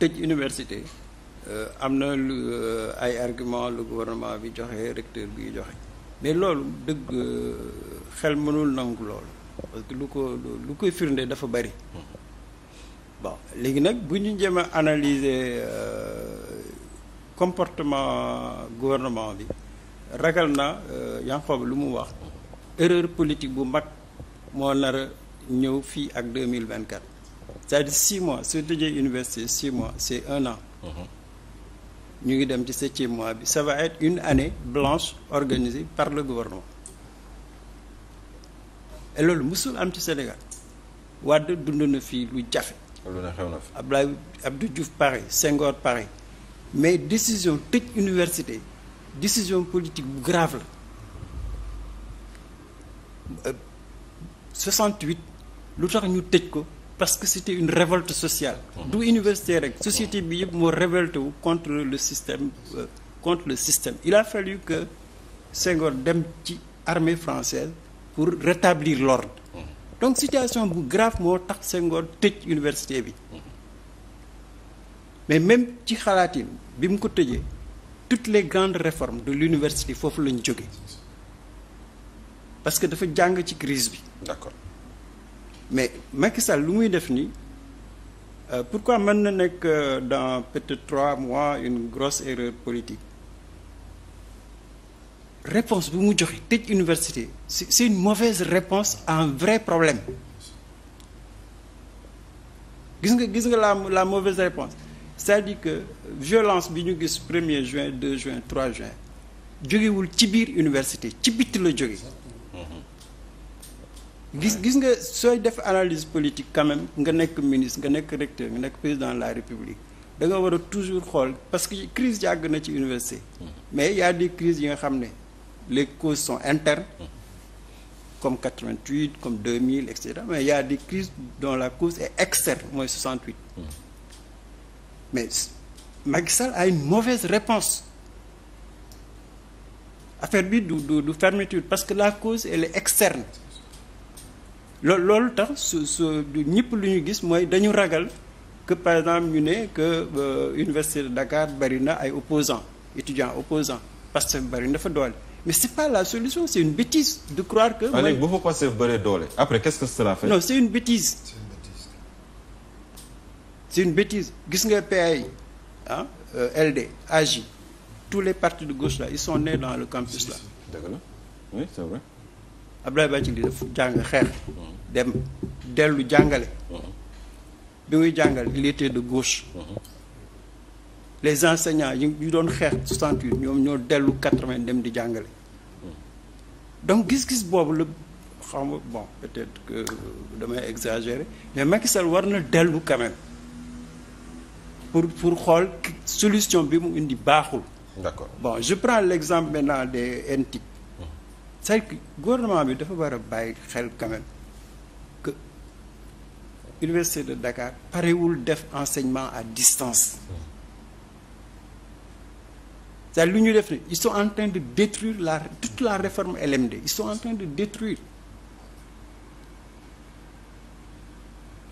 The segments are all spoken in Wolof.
tëj université euh, am na lu euh, ay argument lu gouvernement bi joxe recteur bi joxe mais loolu dëgg euh, xel mënul nangu loolu parce que lu ko lu koy firnde dafa bari bon léegi nag bu ñu jëm a analyser comportement gouvernement bi ragal na Yankhoba lu mu wax erreur politique bu mag moo nar ñëw fii ak deux mille vingt-quatre c'est-à-dire six mois soo tëjee université six mois c'est un an uh-huh. ñu ngi dem ci septième mois bi ça va être une année blanche organisée par le gouvernement et loolu musul am ci Sénégal Wade dund na fii lu jafe Abdoulaye Abdou Diouf pareil Senghor mais décision tëj université décision politique bu grave la 68 euh, lu tax ñu tëj ko parce que c'était une révolte sociale mhm. du université rek société bi yëpp moo révolté wu contre le système euh, contre le système il a fallu que Senghor dem ci armée française pour rétablir l'ordre mhm. donc situation bu grave moo tax sengoor tëj université bi mhm. mais même ci xalaatin bi mu ko tëjee toutes les grandes réformes de l'université foofu lañu jóge parce que dafa jàng ci crise bi mais Macky Sall lu muy def nii euh, pourquoi mën na nekk euh, dans peut-être trois mois une grosse erreur politique réponse bi mu joxe tëj université c'est une mauvaise réponse à un vrai problème gis nga gis nga la la mauvaise réponse c'est-à-dire que violence bi ñu gis premier juin 2 juin 3 juin jógewul ci biir université ci bitti la jóge gis gis nga sooy def analyse politique quand nga nekk ministre nga nekk recteur nga nekk président de la république da nga war a toujours xool parce que crise jàgg na ci université mm-hmm. mais y a des yi nga xam ne les causes sont internes mm-hmm. comme 88 comme 2000 et cetera mais y a des crises dont la cause est externe mooy 68 mm-hmm. mais Macky Sall a une mauvaise réponse affaire bi du du du fermeture parce que la cause elle est externe loolu loolu tax su su ñëpp lu ñu gis mooy dañu ragal que par exemple ñu ne que euh, université de Dakar bari na ay opposant étudiants opposant parce que bari na fa doole mais c'est pas la solution c'est une bêtise de croire que. mooy boo bu fa Pastef bëree doole après qu'est-ce que cela fait. non c'est une bêtise. c'est une bêtise. gis nga PAI ah euh, LD AJ tous les partis de gauche là ils sont nés dans le campus là. dëgg la oui c'est vrai. Abdoulaye Bathily di def jàng xeex dem dellu jàngale bi muy jàngale il était de gauche les enseignants yi ñu doon xeex 68 ñoom ñoo dellu 80 dem di jàngale donc gis-gis boobu la xam nga bon que damay exagérer mais Macky Sall war na dellu quand même pour pour xool solution bi mu indi baaxul. d'accord bon je prends l'exemple maintenant des NTIC. c'est-à-dire gouvernement bi dafa war a bàyyi xel quand même université de Dakar parewul def enseignement à distance cest à lu ñu def ne ils sont en train de détruire la toute la réforme LMD ils sont en train de détruire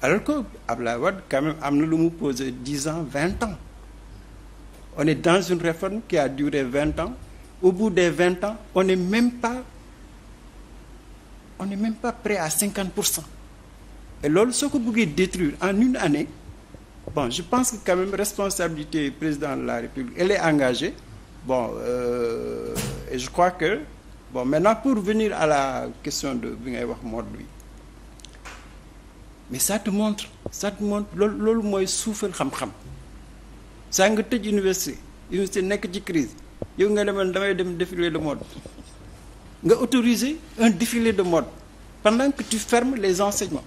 alors que Abdoulaye Wade quand même am na lu mu posé dix ans vingt ans on est dans une réforme qui a duré vingt ans au bout des vingt ans on n'est même pas on n'est même pas prêt à cinquante pour cent loolu soo ko bëggee détruire en une année bon je pense que quand même responsabilité président de la République elle est engagée bon euh, je crois que bon maintenant pour venir à la question de bi ngay wax mode bi mais ça te montre ça te montre loolu mooy suufal xam-xam saa nga tëj université université nekk ci crise yow nga demoon damay dem défiler le mode nga autoriser un défilé de mode pendant que tu fermes les enseignements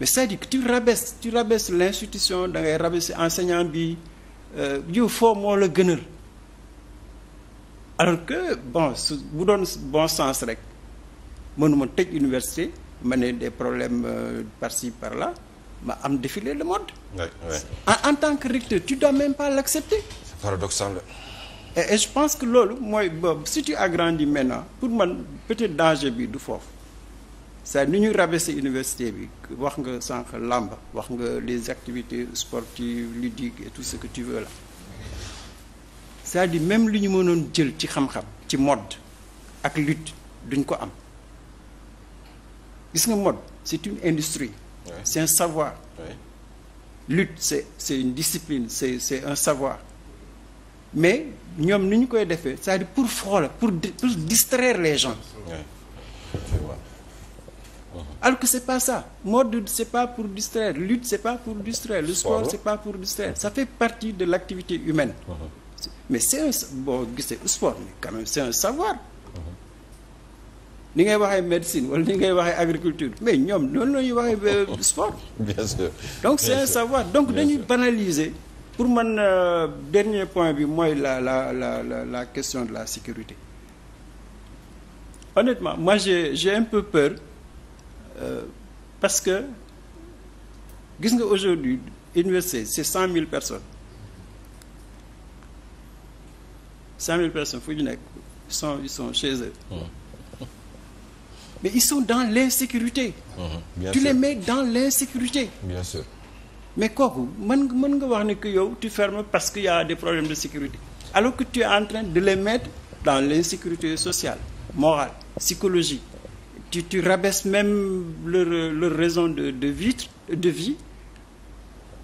mais c'est-à-dire que tu rabaisses tu rabaisses l'institution da ngay enseignant bi yow euh, foo moo la gënal alors que bon su bu doon bon sens rek mënuma tëj université ma ne des problèmes euh, par-ci par-là ma am défilé de mode. Ouais, ah, En, tant que recteur tu dois même pas l'accepter. C'est paradoxal. et je pense que loolu mooy si tu agrandis maintenant pour man peut-être danger bi du foofu c'est ni ñuy rabaisser université bi wax nga sànq làmb wax nga les activités sportives ludiques et tout ce que tu même li ñu mënoon jël ci xam-xam ci mode ak lutte duñ ko am gis nga mode c'est une industrie ouais. c'est un savoir ouais. lutte c'est c'est une discipline c'est un savoir mais ñoom ni ñu koy defee c'est-à-dire pour foola pour pour distraire les gens alors que c'est pas ça mode c'est pas pour distraire lutte c'est pas pour distraire le sport c'est pas pour distraire ça fait partie de l'activité humaine mais c'est un bon gisee sport mais quand même c'est un savoir ni ngay waxee médecine wala ni ngay waxee agriculture mais ñoom noonu la ñuy waxee euh, sport bien sûr donc c'est un savoir donc dañuy banaliser pour man euh, dernier point bi mooy la la la la la question de la sécurité honnêtement moi j'ai un peu peur euh, parce que gis nga aujourd'hui université c'est cent mille personnes cent mille personnes fu ñu nekk sont ils sont chez eux mmh. mais ils sont dans l'insécurité mmh. tu les mets dans l'insécurité bien mais kooku mën nga mën nga wax ne que yow tu fermes parce que y a des problèmes de sécurité alors que tu es en train de les mettre dans l'insécurité sociale morale psychologique tu tu rabaisses même leur leur raison de de vivre de vie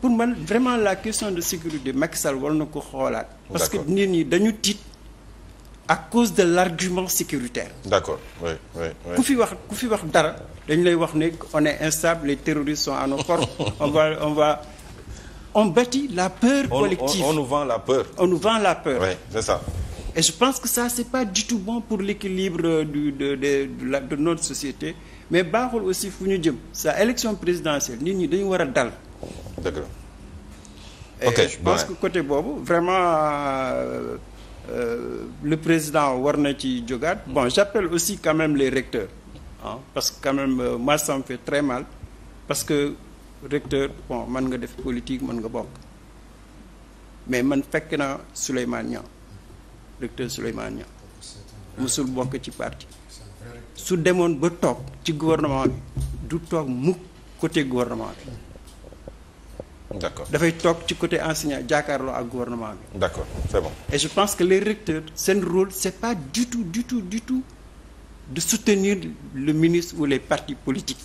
pour man vraiment la question de sécurité Macky Sall war na ko xoolaat. parce que nit ñi dañu tiit. à cause de l'argument sécuritaire. d'accord oui oui oui. ku fi wax ku fi wax dara dañu lay wax ne on est instable les terroristes sont à nos portes on va on va on bâtit la peur collective on, on, on nous vend la peur. oui c'est ça. et je pense que ça c'est pas du tout bon pour l'équilibre du de de de, notre société mais baaxul aussi fu ñu jëm sa élection présidentielle nit ñi dañu war a dal. que côté boobu vraiment. Euh, Euh, le président war na ci jógaat mm-hmm. bon j'appelle aussi quand même les recteurs ah parce que quand même euh, moi fait très mal parce que recteur bon man nga def politique mën nga bokk mais man fekk na Souleymane Niang recteur Souleymane Niang musul bokk ci parti su demoon ba toog ci gouvernement bi du toog mu côté gouvernement bi d'accord dafay toog ci côté enseignant jàkkaarloo ak gouvernement bi. d'accord c'est je pense que les recteurs seen rôle c'est pas du tout du tout du tout de soutenir le ministre ou les parti politiques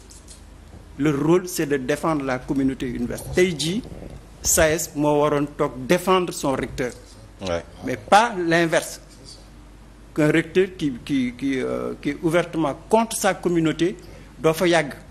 le rôle c'est de défendre la communauté universitaire tey jii SAES moo waroon toog défendre son recteur. Ouais. mais pas l'inverse qu'un recteur qui qui qui euh, qui ouvertement contre sa communauté doo fa yàgg.